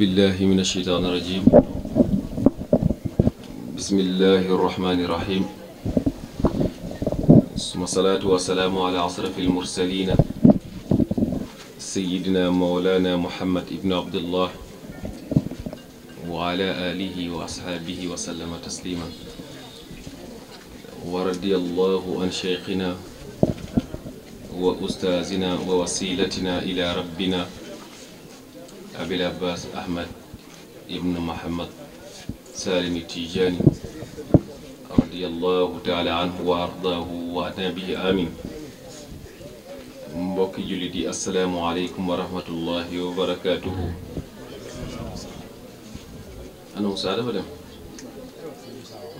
billahi min asheytaan irajim bismillahi irrahmani irrahim suma salaatu wasalaamu ala asrafi almursalina sayidina mawlana muhammad ibnu abdullah wa ala alihi wa ashaabihi wa sallama taslima wa radiyallahu an cheikhina wa ustaazina wa wasilatina ila rabbina abil abbas ahmad ibn muhammad saalimi tijaani radiallahu taala anhu wa ardaahu wa ana bihi amin mbokki jullit yi assalaamu aleykum wa rahmatullahi wa barakaatuhu ana dem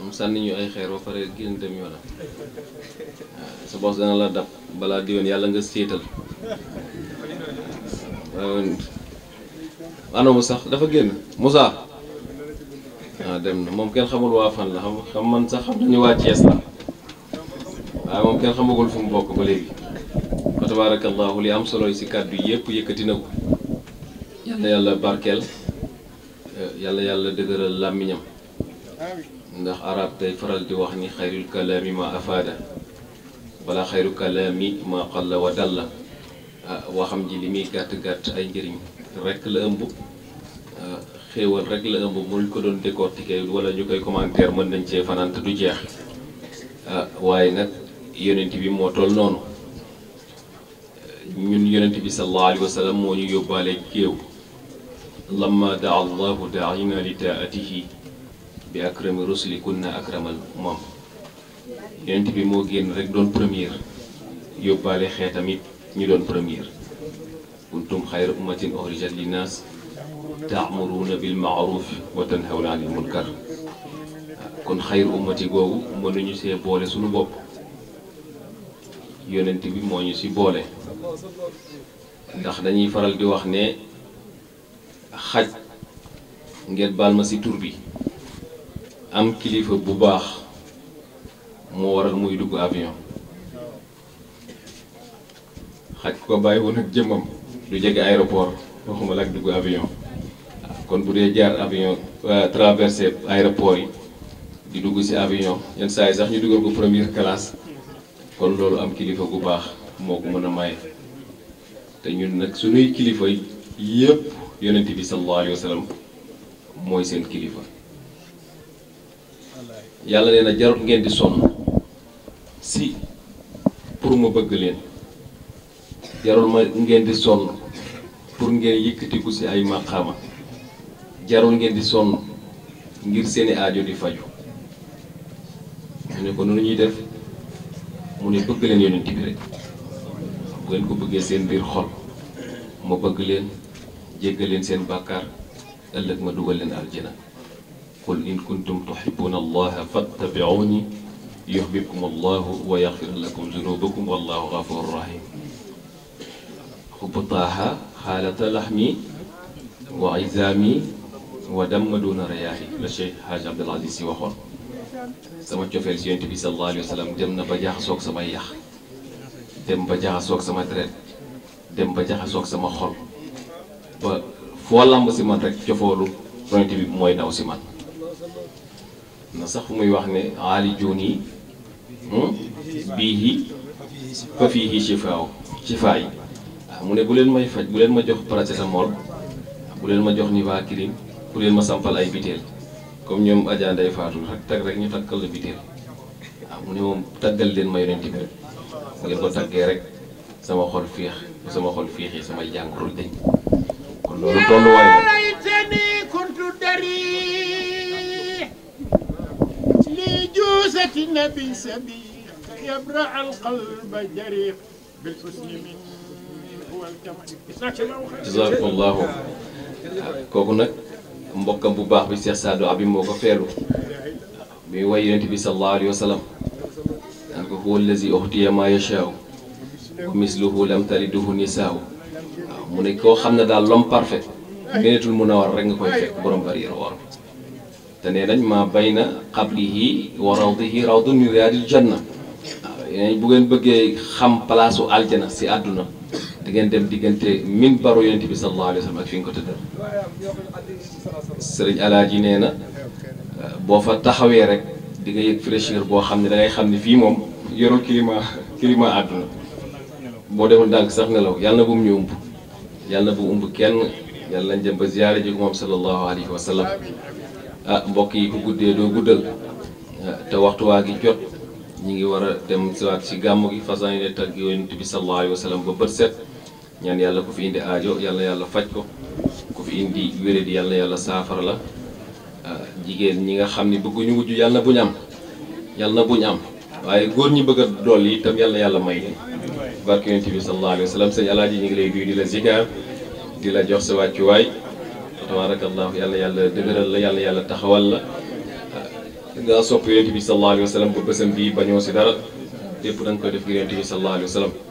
moom sànni ay xeer ba pare génn dem yoonam ah, sa bopp dana la dab balaa diwoon yàlla nga séetal waaw anamu sax dafa génn Moussa waaw ah, dem na moom kenn xamul waa fan la xam man sax xam nañu waa Thiès la waaye moom kenn xamagul fu mu bokk ba léegi fa tabaarakallaahu li am solo si kàddu yëpp yëkkati na ko yàlla yàlla barkeel eh, yàlla yàlla dëgëral làmmiñam ndax arab day faral di wax ni xayrul kalaami ma afaada wala xayru kalaami ma qalla wa dalla ah, waxam ji li muy gàtt gàtt ay njëriñ rek la ëmb euh, xéewal rek la ëmb mu ko doon décortiquer wala ñu koy commentaire mën nañ cee fanaan te du jeex euh, waaye nag yonent bi moo toll noonu euh, ñun yonent bi sallallahu alayhi wa moo ñu yóbbaale géew lamma daa allahu daa'ina li taatihi bi akrami rusuli kunna akramal moom yonent bi moo génn rek doon première yóbbaale xeetam it ñu doon première kuntum xayra ummatin uxrijat linnaas taamuruuna bil maaruf wa tanhawna anil munkar kon xayru ummati googu mënuñu see boole suñu bopp yonent bi moo ñu si boole ndax dañuy faral di wax ne xaj ngeen baal ma si tur bi am kilifa bu baax moo waral muy dugg avion xaj ko bàyyi woon jëmmam lu jege aéroport waxuma lak dugg avion kon bu dee jaar avion euh, traversé aéroport yi di dugg si avion yenn saa yi sax ñu dugal ko première classe kon loolu am kilifa gu baax moo ko mën a maye te ñun nag suñuy kilifa yëpp yonent bi sallallahu alayhi wa sallam mooy seen kilifa yàlla nee na jarut ngeen di sonn si pour ma bëgg leen jarul ma ngeen di sonn pour ngeen yëkkatiku si ay maqaama jarul ngeen di sonn ngir seeni aajo di faju mu ne ko noonu ñuy def mu ne bëgg leen yonent bi rek bu ngeen ko bëggee seen biir xol ma bëgg leen jéggal leen seen bàkkaar ëllëg ma dugal leen aljana qul in kuntum tuhibbuna allaha fattabi'uni yuhbibkum allahu wa yaghfir lakum zunubakum wallahu ghafurur rahim xubutaaha xaalata laxmi wa izami wa damma duna rayaahi la Cheikh Hadj Abdoul Aziz waxoon sama cofeel ci yonent bi sallallahu wa sallam dem na ba jaxasoog samay yax dem ba jaxasoog sama deret dem ba jaxasoog sama xol ba foo làmb si man rek cofoolu yonent bi mooy daw si man na sax fu muy wax ne aali juuni hmm? bii fa shifaaw shifaa yi mu ne bu leen may faj bu leen ma jox sa paracétamol bu leen ma jox Nivaquine bu leen ma sampal ay biteel comme ñoom Adja Ndeye Fatou rek tag rek ñu takkal la biteel waaw mu ne moom taggal leen may yonent bi rek bu ko taggee rek sama xol fiix sama xol féexee sama jàngoro dañ kon loolu tolluwaay la. jazakumullahu kooku nag mbokkam bu baax bi Cheikh Sadou Habib moo ko feelu muy way yonent bi sallallahu alayhi wa sallam daan ko huwa allazi uhtiya ma yashaa'u wa misluhu lam taliduhu nisaa'u waaw mu ne koo xam ne daal l'homme parfait Médinatul Munawwara rek nga koy fekk borom bari yéen war te nee nañ ma bayna qablihi wa rawdihi janna waaw bu ngeen bëggee xam palaasu aljana si àdduna da dem diggante min baro yonent bi sallallahu alayhi wa sallam ak fi nga ko tëddal sëriñ alaaji nee na boo fa taxawee rek di nga yëg fraîcheur boo xam ne dangay xam ne fii moom yorul climat climat àdduna boo deful ndànk sax nelaw yàlla na bu mu ñu ëmb yàlla na bu kenn yàlla nañ dem ba ziyaare ji moom sallallahu alayhi wa sallam ah, mbokk yi ku guddee doo guddal ah, te waxtu waa gi jot ñu ngi war a dem siwaat si gàmmu gi façon yi ne tagg bi sallallahu alayhi wa sallam ba bët set ñaan yàlla ku fi indi aajo yàlla yàlla faj ko ku fi indi wéré yàlla yàlla saafara la ah, jigéen ñi nga xam ne bëgguñu wujj yàlla na buñ am yàlla na buñ am waaye góor ñi bëgg a yi itam yàlla yàlla may leen barke yonent bi sallallahu alayhi wa sallam sëñ ñu ngi lay duy di la zigaar di la jox sa wàccuwaay tabaarakallahu yàlla yàlla dëgëral la yàlla yàlla taxawal la daa sopp yonent bi sallallahu alayhi wa sallam ba bësam bii bañoo si dara lépp dañ koy def ngir yonent bi sallallahu alayhi wa